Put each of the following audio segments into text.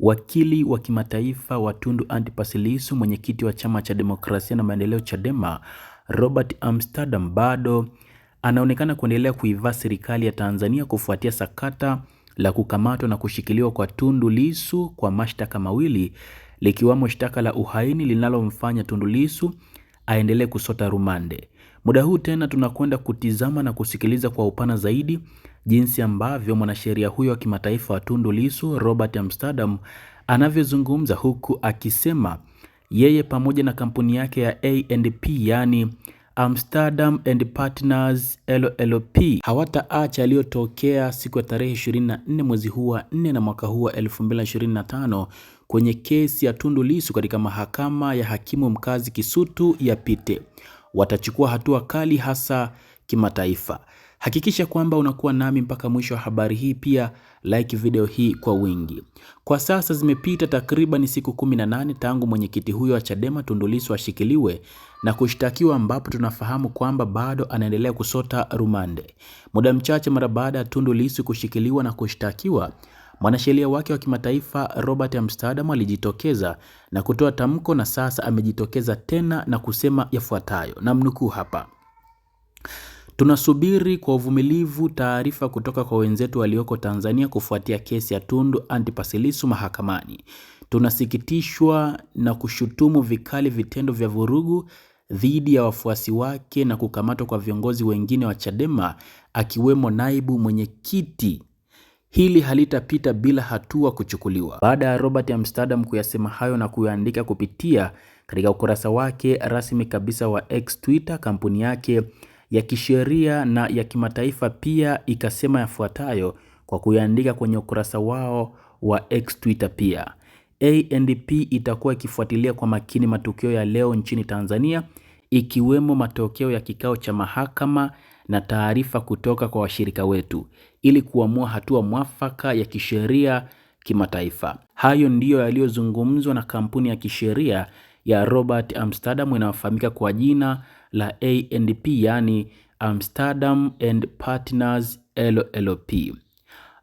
Wakili wa kimataifa wa Tundu Antipas Lissu, mwenyekiti wa chama cha demokrasia na maendeleo Chadema, Robert Amsterdam bado anaonekana kuendelea kuivaa serikali ya Tanzania kufuatia sakata la kukamatwa na kushikiliwa kwa Tundu Lissu kwa mashtaka mawili likiwamo shtaka la uhaini linalomfanya Tundu Lissu aendelee kusota rumande. Muda huu tena tunakwenda kutizama na kusikiliza kwa upana zaidi jinsi ambavyo mwanasheria huyo wa kimataifa wa Tundu Lissu Robert Amsterdam anavyozungumza huku akisema yeye pamoja na kampuni yake ya A&P yani Amsterdam and Partners LLP hawataacha yaliyotokea siku ya tarehe 24 mwezi huu wa 4 na mwaka huu wa 2025 kwenye kesi ya Tundu Lissu katika mahakama ya hakimu mkazi Kisutu yapite. Watachukua hatua kali, hasa kimataifa. Hakikisha kwamba unakuwa nami mpaka mwisho wa habari hii. Pia like video hii kwa wingi. Kwa sasa zimepita takriban siku 18 tangu mwenyekiti huyo wa Chadema Tundu Lissu ashikiliwe na kushtakiwa, ambapo tunafahamu kwamba bado anaendelea kusota rumande. Muda mchache mara baada ya Tundu Lissu kushikiliwa na kushtakiwa, Mwanasheria wake wa kimataifa Robert Amsterdam alijitokeza na kutoa tamko na sasa amejitokeza tena na kusema yafuatayo, namnukuu hapa: Tunasubiri kwa uvumilivu taarifa kutoka kwa wenzetu walioko Tanzania kufuatia kesi ya Tundu Antipas Lissu mahakamani. Tunasikitishwa na kushutumu vikali vitendo vya vurugu dhidi ya wafuasi wake na kukamatwa kwa viongozi wengine wa Chadema akiwemo naibu mwenyekiti Hili halitapita bila hatua kuchukuliwa. Baada ya Robert Amsterdam kuyasema hayo na kuyaandika kupitia katika ukurasa wake rasmi kabisa wa X Twitter, kampuni yake ya kisheria na ya kimataifa pia ikasema yafuatayo kwa kuyaandika kwenye ukurasa wao wa X Twitter pia. ANDP itakuwa ikifuatilia kwa makini matukio ya leo nchini Tanzania ikiwemo matokeo ya kikao cha mahakama na taarifa kutoka kwa washirika wetu ili kuamua hatua mwafaka ya kisheria kimataifa. Hayo ndiyo yaliyozungumzwa na kampuni ya kisheria ya Robert Amsterdam inayofahamika kwa jina la ANP, yani Amsterdam and Partners LLP.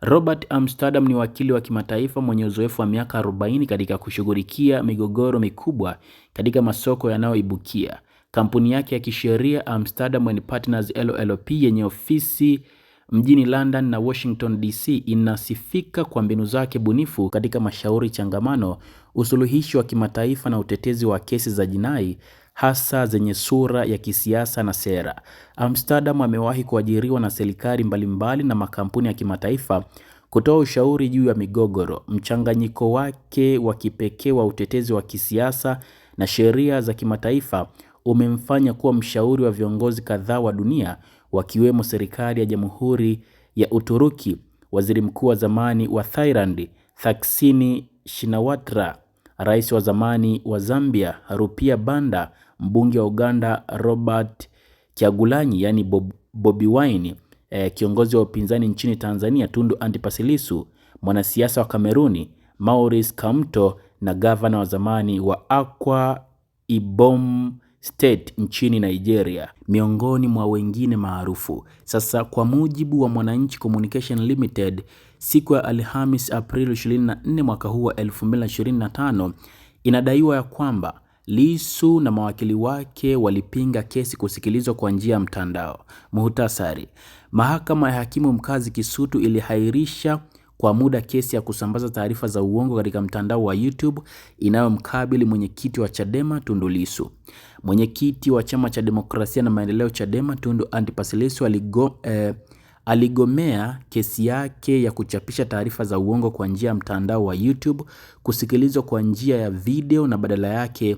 Robert Amsterdam ni wakili wa kimataifa mwenye uzoefu wa miaka 40 katika kushughulikia migogoro mikubwa katika masoko yanayoibukia. Kampuni yake ya kisheria Amsterdam and Partners LLP yenye ofisi mjini London na Washington DC inasifika kwa mbinu zake bunifu katika mashauri changamano, usuluhishi wa kimataifa na utetezi wa kesi za jinai hasa zenye sura ya kisiasa na sera. Amsterdam amewahi kuajiriwa na serikali mbalimbali na makampuni ya kimataifa kutoa ushauri juu ya migogoro. Mchanganyiko wake wa kipekee wa utetezi wa kisiasa na sheria za kimataifa umemfanya kuwa mshauri wa viongozi kadhaa wa dunia wakiwemo serikali ya Jamhuri ya Uturuki, waziri mkuu wa zamani wa Thailand Thaksini Shinawatra, rais wa zamani wa Zambia Rupia Banda, mbunge wa Uganda Robert Kyagulanyi yani Bob, Bobi Wine, eh, kiongozi wa upinzani nchini Tanzania Tundu Antipas Lissu, mwanasiasa wa Kameruni Maurice Kamto na gavana wa zamani wa Akwa Ibom State nchini Nigeria miongoni mwa wengine maarufu. Sasa kwa mujibu wa Mwananchi Communication Limited siku ya Alhamis april 24 mwaka huu wa 2025 inadaiwa ya kwamba Lisu na mawakili wake walipinga kesi kusikilizwa kwa njia ya mtandao. Muhtasari, mahakama ya hakimu mkazi Kisutu ilihairisha kwa muda kesi ya kusambaza taarifa za uongo katika mtandao wa YouTube inayomkabili mwenyekiti wa Chadema Tundu Lissu. Mwenyekiti wa chama cha demokrasia na maendeleo Chadema Tundu Antipas Lissu aligo, eh, aligomea kesi yake ya kuchapisha taarifa za uongo kwa njia ya mtandao wa YouTube kusikilizwa kwa njia ya video na badala yake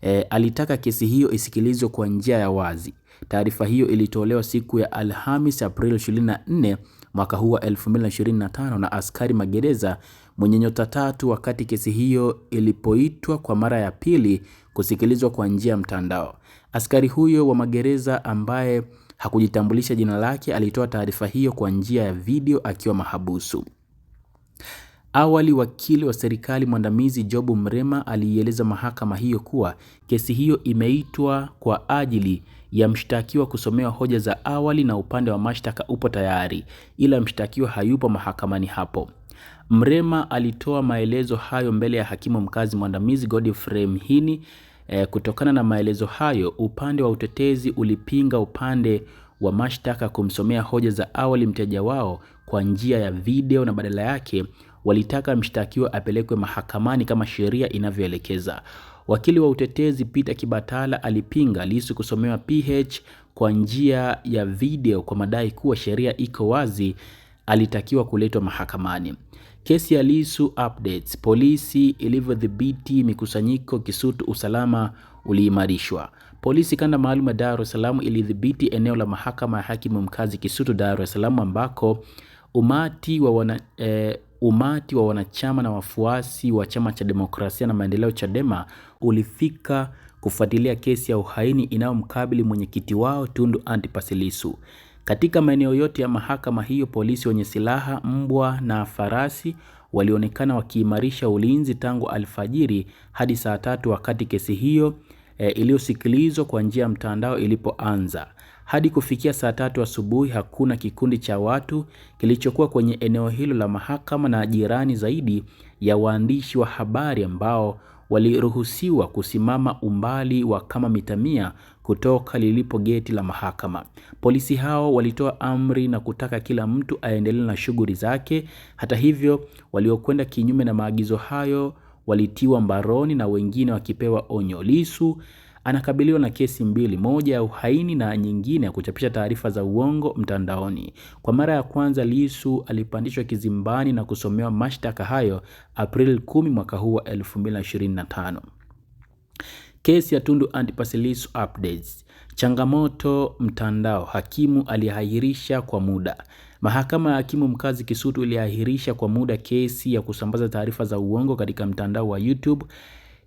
eh, alitaka kesi hiyo isikilizwe kwa njia ya wazi. Taarifa hiyo ilitolewa siku ya Alhamis Aprili 24 mwaka huu wa 2025 na askari magereza mwenye nyota tatu wakati kesi hiyo ilipoitwa kwa mara ya pili kusikilizwa kwa njia ya mtandao. Askari huyo wa magereza ambaye hakujitambulisha jina lake alitoa taarifa hiyo kwa njia ya video akiwa mahabusu. Awali wakili wa serikali mwandamizi Jobu Mrema aliieleza mahakama hiyo kuwa kesi hiyo imeitwa kwa ajili ya mshtakiwa kusomewa hoja za awali na upande wa mashtaka upo tayari, ila mshtakiwa hayupo mahakamani hapo. Mrema alitoa maelezo hayo mbele ya hakimu mkazi mwandamizi Godfrey Mhini. E, kutokana na maelezo hayo, upande wa utetezi ulipinga upande wa mashtaka kumsomea hoja za awali mteja wao kwa njia ya video na badala yake walitaka mshtakiwa apelekwe mahakamani kama sheria inavyoelekeza. Wakili wa utetezi Peter Kibatala alipinga Lissu kusomewa PH kwa njia ya video kwa madai kuwa sheria iko wazi, alitakiwa kuletwa mahakamani. Kesi ya Lissu updates: polisi ilivyodhibiti mikusanyiko Kisutu, usalama uliimarishwa. Polisi kanda maalum ya Dar es Salaam ilidhibiti eneo la mahakama ya hakimu mkazi Kisutu, Dar es Salaam ambako umati wa wana, e, Umati wa wanachama na wafuasi wa chama cha demokrasia na maendeleo Chadema ulifika kufuatilia kesi ya uhaini inayomkabili mwenyekiti wao Tundu Antipas Lissu. Katika maeneo yote ya mahakama hiyo, polisi wenye silaha, mbwa na farasi walionekana wakiimarisha ulinzi tangu alfajiri hadi saa tatu wakati kesi hiyo e, iliyosikilizwa kwa njia ya mtandao ilipoanza. Hadi kufikia saa tatu asubuhi hakuna kikundi cha watu kilichokuwa kwenye eneo hilo la mahakama na jirani zaidi ya waandishi wa habari ambao waliruhusiwa kusimama umbali wa kama mita mia kutoka lilipo geti la mahakama. Polisi hao walitoa amri na kutaka kila mtu aendelee na shughuli zake. Hata hivyo, waliokwenda kinyume na maagizo hayo walitiwa mbaroni na wengine wakipewa onyo. Lissu anakabiliwa na kesi mbili, moja ya uhaini na nyingine ya kuchapisha taarifa za uongo mtandaoni. Kwa mara ya kwanza, Lissu alipandishwa kizimbani na kusomewa mashtaka hayo Aprili 10 mwaka huu wa 2025. Kesi ya Tundu Antipas Lissu updates. Changamoto mtandao: hakimu aliahirisha kwa muda. Mahakama ya hakimu mkazi Kisutu iliahirisha kwa muda kesi ya kusambaza taarifa za uongo katika mtandao wa YouTube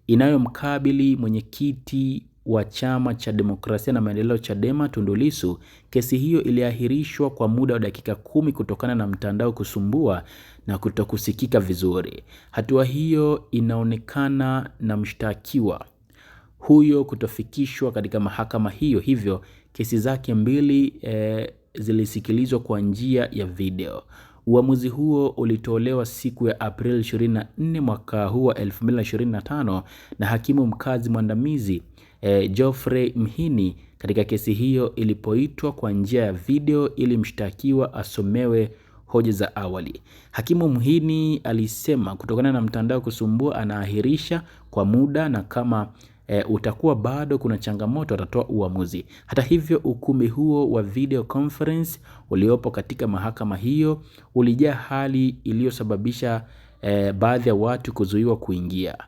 inayomkabili mwenyekiti wa chama cha demokrasia na maendeleo Chadema, Tundu Lissu, kesi hiyo iliahirishwa kwa muda wa dakika kumi kutokana na mtandao kusumbua na kutokusikika vizuri. Hatua hiyo inaonekana na mshtakiwa huyo kutofikishwa katika mahakama hiyo, hivyo kesi zake mbili e, zilisikilizwa kwa njia ya video. Uamuzi huo ulitolewa siku ya april 24 mwaka huu wa 2025 na hakimu mkazi mwandamizi eh, Geoffrey Mhini katika kesi hiyo ilipoitwa kwa njia ya video ili mshtakiwa asomewe hoja za awali. Hakimu Mhini alisema kutokana na mtandao kusumbua, anaahirisha kwa muda na kama e, utakuwa bado kuna changamoto atatoa uamuzi. Hata hivyo, ukumi huo wa video conference uliopo katika mahakama hiyo ulijaa hali iliyosababisha e, baadhi ya watu kuzuiwa kuingia.